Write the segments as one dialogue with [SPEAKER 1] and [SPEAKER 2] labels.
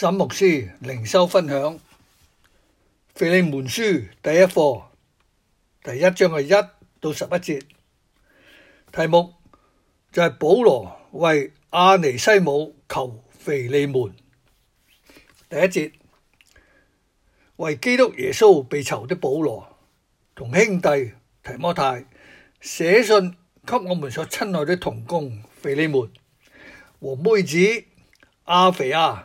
[SPEAKER 1] 沈牧師靈修分享《腓利門書》第一課，第一章係一到十一節。題目就係保羅為阿尼西姆求腓利門。第一節為基督耶穌被囚的保羅同兄弟提摩太寫信給我們所親愛的同工腓利門和妹子亞腓亞。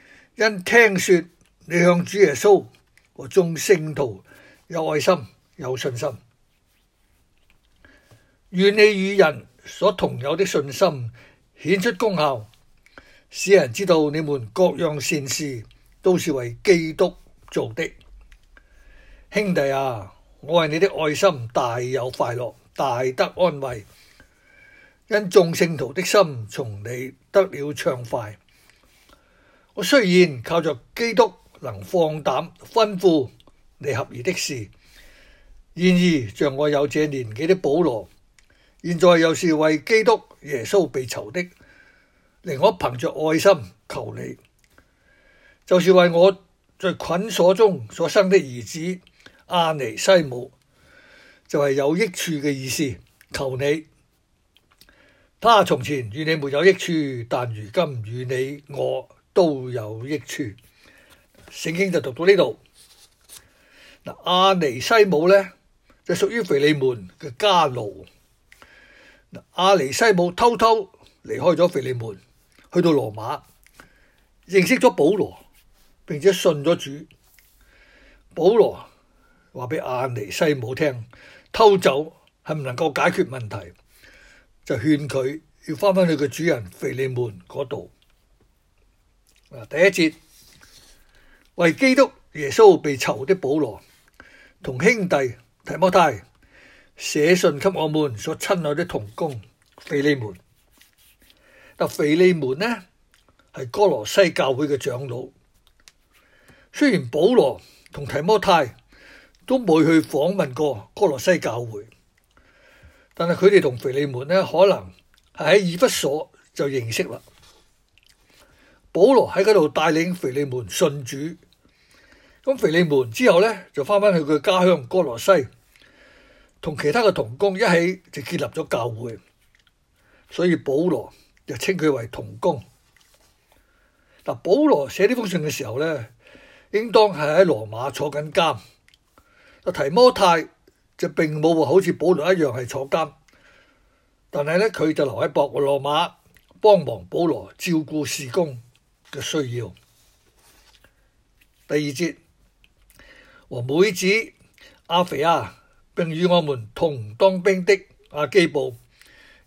[SPEAKER 1] 因聽說你向主耶穌和眾聖徒有愛心有信心，願你與人所同有的信心顯出功效，使人知道你們各樣善事都是為基督做的。兄弟啊，我為你的愛心大有快樂，大得安慰，因眾聖徒的心從你得了暢快。雖然靠着基督能放膽吩咐你合宜的事，然而像我有這年紀的保羅，現在又是為基督耶穌被囚的，令我憑着愛心求你，就是為我在捆鎖中所生的兒子阿尼西姆，就係有益處嘅意思。求你，他從前與你沒有益處，但如今與你我。都有益處。聖經就讀到呢度，嗱，阿尼西姆咧，就屬於腓利門嘅家奴。阿尼西姆偷偷離開咗腓利門，去到羅馬，認識咗保羅，並且信咗主。保羅話俾阿尼西姆聽，偷走係唔能夠解決問題，就勸佢要翻返去佢主人腓利門嗰度。第一節，為基督耶穌被囚的保羅同兄弟提摩太寫信給我們所親愛的同工腓利門。那腓利門呢，係哥羅西教會嘅長老。雖然保羅同提摩太都冇去訪問過哥羅西教會，但係佢哋同腓利門呢，可能喺以弗所就認識啦。保羅喺嗰度帶領腓利門信主，咁腓利門之後呢，就翻返去佢家鄉哥羅西，同其他嘅同工一起就建立咗教會，所以保羅就稱佢為同工。嗱，保羅寫呢封信嘅時候呢，應當係喺羅馬坐緊監。提摩太就並冇好似保羅一樣係坐監，但係呢，佢就留喺博羅馬幫忙保羅照顧事工。嘅需要。第二節，和妹子阿肥啊，並與我們同當兵的阿基布，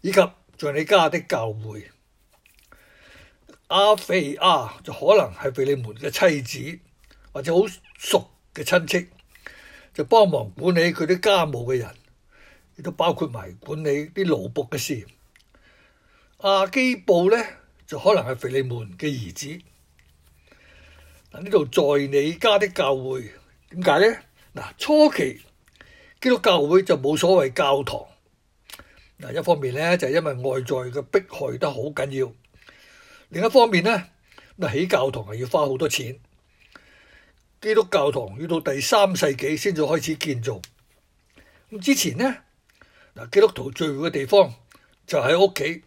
[SPEAKER 1] 以及在你家的教會，阿肥啊就可能係腓利門嘅妻子，或者好熟嘅親戚，就幫忙管理佢啲家務嘅人，亦都包括埋管理啲勞僕嘅事。阿基布呢？就可能係腓利門嘅兒子。嗱，呢度在你家的教會，點解呢？嗱，初期基督教會就冇所謂教堂。嗱，一方面呢，就係、是、因為外在嘅迫害得好緊要；另一方面呢，嗱起教堂係要花好多錢。基督教堂要到第三世紀先至開始建造。咁之前呢，嗱基督徒聚會嘅地方就喺屋企。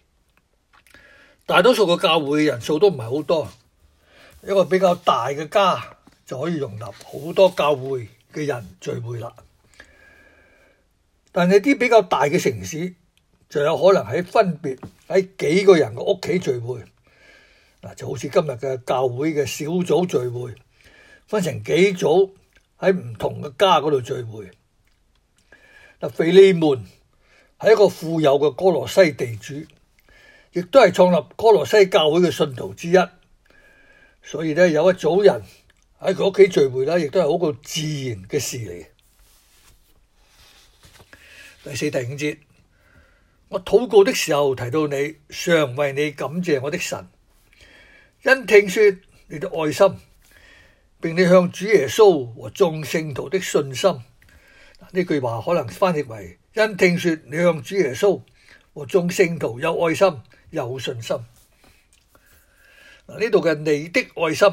[SPEAKER 1] 大多數嘅教會人數都唔係好多，一個比較大嘅家就可以容納好多教會嘅人聚會啦。但係啲比較大嘅城市，就有可能喺分別喺幾個人嘅屋企聚會。嗱，就好似今日嘅教會嘅小組聚會，分成幾組喺唔同嘅家嗰度聚會。嗱，腓利門係一個富有嘅哥羅西地主。亦都係創立哥羅西教會嘅信徒之一，所以咧有一組人喺佢屋企聚會啦，亦都係好自然嘅事嚟。第四、第五節，我禱告的時候提到你，常為你感謝我的神，因聽說你嘅愛心，並你向主耶穌和眾聖徒的信心。呢句話可能翻譯為：因聽說你向主耶穌和眾聖徒有愛心。有信心嗱。呢度嘅你的愛心，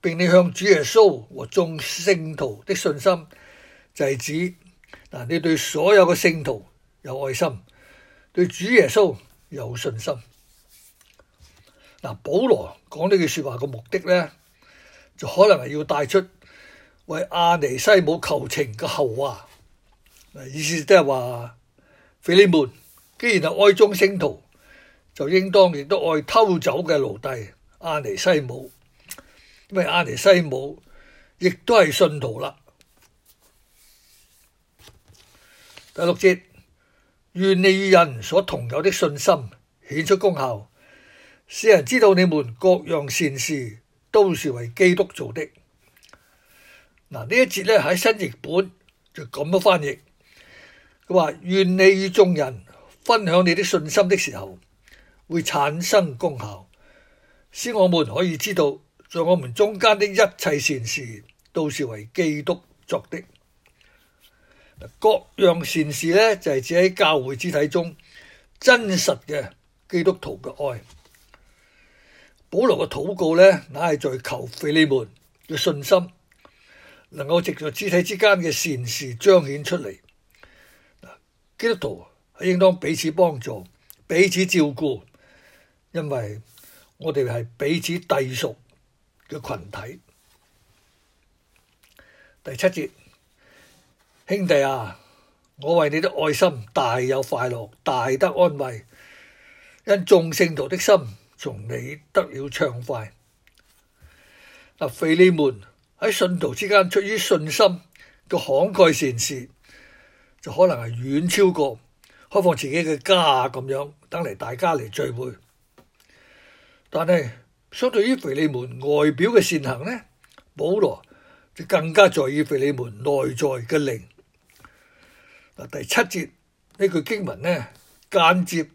[SPEAKER 1] 並你向主耶穌和眾聖徒的信心，就係指嗱，你對所有嘅聖徒有愛心，對主耶穌有信心嗱。保羅講呢句說話嘅目的咧，就可能係要帶出為阿尼西姆求情嘅後話嗱，意思即係話腓利門既然係愛眾聖徒。就應當亦都愛偷走嘅奴隸阿尼西姆，因為阿尼西姆亦都係信徒啦。第六節，願你與人所同有的信心顯出功效，使人知道你們各樣善事都是為基督做的。嗱，呢一節呢喺新譯本就咁樣翻譯，佢話願你與眾人分享你的信心的時候。會產生功效，使我們可以知道，在我們中間的一切善事，都是為基督作的。各樣善事呢，就係、是、指喺教會肢體中真實嘅基督徒嘅愛。保羅嘅禱告呢，乃係在求腓利門嘅信心，能夠藉着肢體之間嘅善事彰顯出嚟。基督徒係應當彼此幫助，彼此照顧。因為我哋係彼此隸屬嘅群體。第七節，兄弟啊，我為你的愛心大有快樂，大得安慰，因眾聖徒的心從你得了暢快。嗱，腓利門喺信徒之間，出於信心個慷慨善事，就可能係遠超過開放自己嘅家咁樣，等嚟大家嚟聚會。但係，相對於腓利門外表嘅善行呢，保羅就更加在意腓利門內在嘅靈。嗱，第七節呢句經文呢，間接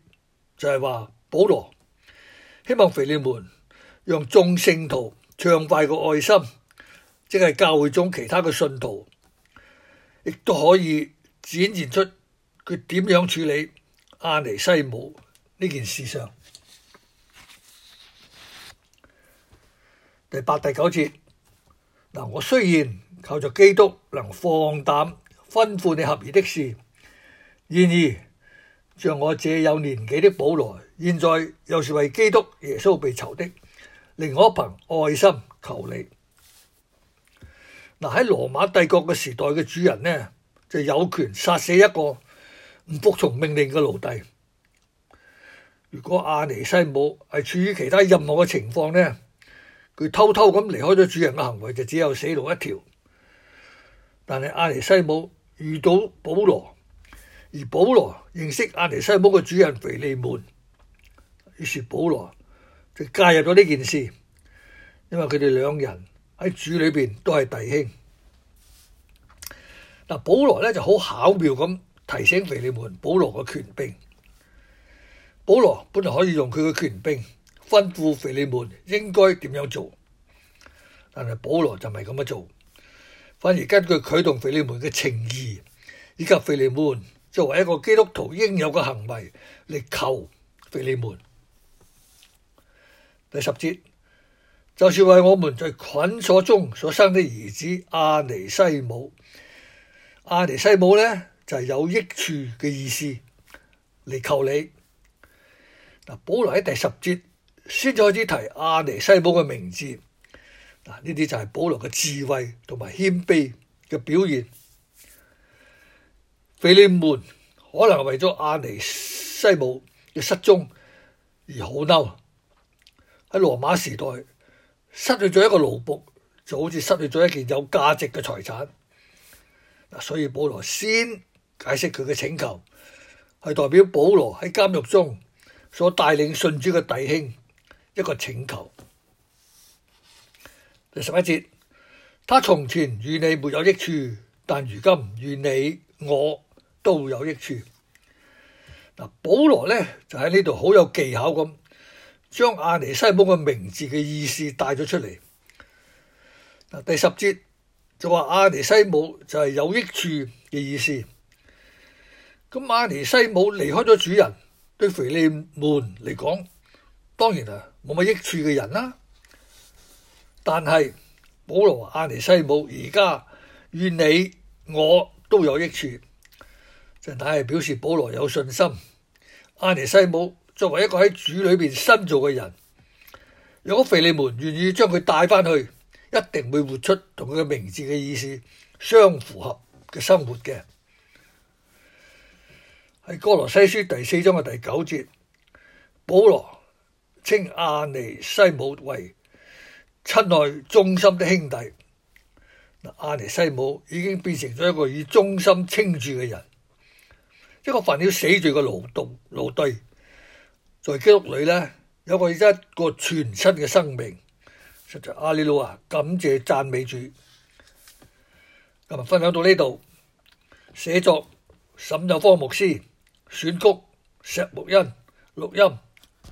[SPEAKER 1] 就係話保羅希望腓利門讓眾聖徒暢快個愛心，即係教會中其他嘅信徒，亦都可以展現出佢點樣處理阿尼西姆呢件事上。第八、第九節。嗱，我雖然靠着基督能放膽吩咐你合宜的事，然而像我這有年紀的保羅，現在又是為基督耶穌被囚的，寧可憑愛心求你。嗱，喺羅馬帝國嘅時代嘅主人呢，就有權殺死一個唔服從命令嘅奴隸。如果阿尼西姆係處於其他任何嘅情況呢？佢偷偷咁離開咗主人嘅行為就只有死路一條，但係阿尼西姆遇到保羅，而保羅認識阿尼西姆嘅主人腓利門，於是保羅就介入咗呢件事，因為佢哋兩人喺主裏邊都係弟兄。嗱，保羅呢就好巧妙咁提醒腓利門保羅嘅權柄。保羅本來可以用佢嘅權柄。吩咐腓利門應該點樣做，但係保羅就唔係咁樣做，反而根據佢同腓利門嘅情誼，以及腓利門作為一個基督徒應有嘅行為嚟，求腓利門。第十節就是為我們在捆鎖中所生的兒子阿尼西姆。阿尼西姆呢就係有益處嘅意思嚟，求你。嗱，保羅喺第十節。先開始提阿尼西姆嘅名字，嗱呢啲就係保羅嘅智慧同埋謙卑嘅表現。腓利門可能為咗阿尼西姆嘅失蹤而好嬲，喺羅馬時代失去咗一個奴僕，就好似失去咗一件有價值嘅財產。嗱，所以保羅先解釋佢嘅請求，係代表保羅喺監獄中所帶領信主嘅弟兄。一個請求，第十一節，他從前與你沒有益處，但如今與你我都有益處。嗱，保羅咧就喺呢度好有技巧咁，將阿尼西姆嘅名字嘅意思帶咗出嚟。嗱，第十節就話亞尼西姆就係有益處嘅意思。咁亞尼西姆離開咗主人，對腓利門嚟講，當然啊。冇乜益處嘅人啦、啊，但係保羅阿尼西姆而家願你我都有益處，就乃係表示保羅有信心。阿尼西姆作為一個喺主裏邊新造嘅人，如果腓利門願意將佢帶翻去，一定會活出同佢嘅名字嘅意思相符合嘅生活嘅。係哥羅西書第四章嘅第九節，保羅。稱阿尼西姆為親愛忠心的兄弟。阿尼西姆已經變成咗一個以忠心稱住嘅人，一個犯咗死罪嘅勞動奴隸，在基督裏呢，有個一個全新嘅生命。實在阿里路亞，感謝讚美主。今日分享到呢度，寫作沈有方牧師，選曲石木恩，錄音。